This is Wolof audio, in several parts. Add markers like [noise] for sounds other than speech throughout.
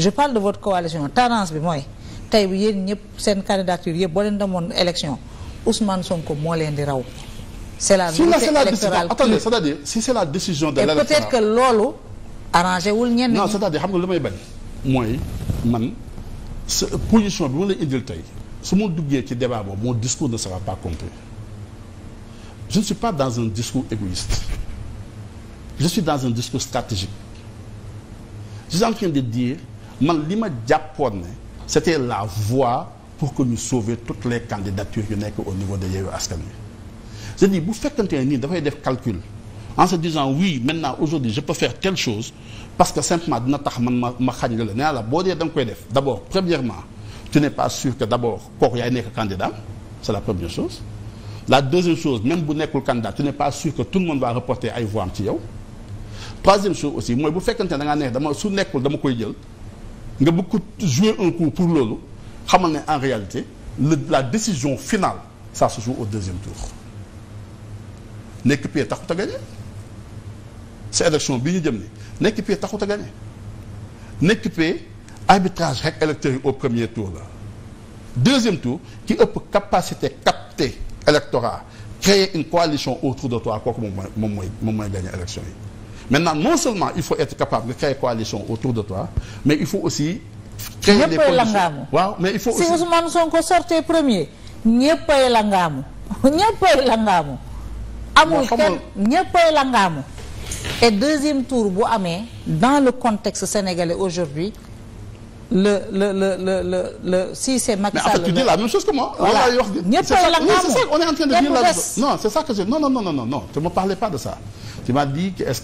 je parle de votre coalition tendance bi mooy tey bu yéen ñëpp seen candidature yëpp boo leen demoon élection Ousmane Sonko moo leen di raw. c'est la vérité électorale attendez c'est-à-dire si c'est la décision de l'électorat et peut-être que loolu arrangé wul ñenn ñi. non c'est-à-dire xam nga lu may bañ. mooy man sa position bi ma lay indil tey su ma duggee ci débat boobu mon discours ne sera pas compris je ne suis pas dans un discours égoïste je suis dans un discours stratégique je suis en train de dire. man li ma jàppoon ne c'était la voie pour que ñu sauver toutes les candidatures yu nekk au niveau de Yewwi Askan Wi je dis bu fekkante ne nii dafay def calcul en se disant oui maintenant aujourd'hui je peux faire telle chose parce que simplement dina tax man ma ma xañ la la nee boo dee da nga koy def d'abord premièrement tu n'es pas sûr que d'abord kooku yaay nekk candidat c'est la première chose la deuxième chose même bu nekkul candidat tu n'es pas sûr que tout le monde va reporter ay voix am ci yow bu fekkante da ngaa dama su nekkul dama koy jël nga bëgg ko un coup pour loolu xamal ne en réalité le la décision finale sa se joue au deuxième tour nekk pire taxut a gagné sa élection bi ñu jëm ni nekk pi taxut a gagné nekk pire arbitrage rek électeurs yi au premier tour la deuxième tour ki ëpp capacité capter électorat créer une coalition autour de toi kooku moom mooy moom mooy moom mooy gagné élection yi maintenant non seulement il faut être capable de créer coalition autour de toi mais il faut aussi créer des conditions waaw mais il faut aussi si Ousmane Sonko sortait premier ñëppay langaamu [laughs] ñëppay langaamu amul kenn langaamu et deuxième tour bu amee dans le contexte sénégalais aujourd'hui le le le le le le si c'est Macky Sall mais la même chose que moi. voilà ñëpp la gàmmu c'est la non c'est ça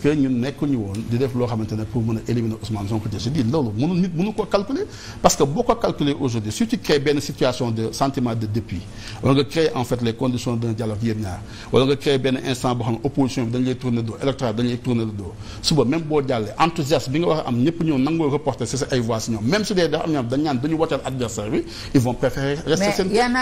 woon di def loo xamante ne pour mën a éliminer Ousmane Sonko je dis loolu mënu nit mënu ko calculer parce que boo ko calculer aujourd'hui si tu crées benn situation de sentiment de dépit wala nga créer en fait les conditions d'un dialogue yéen nga créer benn instant boo xam opposition bi lay tourner le dos électorat lay tourner le suba même boo jàllee enthousiasme dee da am ñoom dañ naan duñu woteel adversaire bi ils vont préférer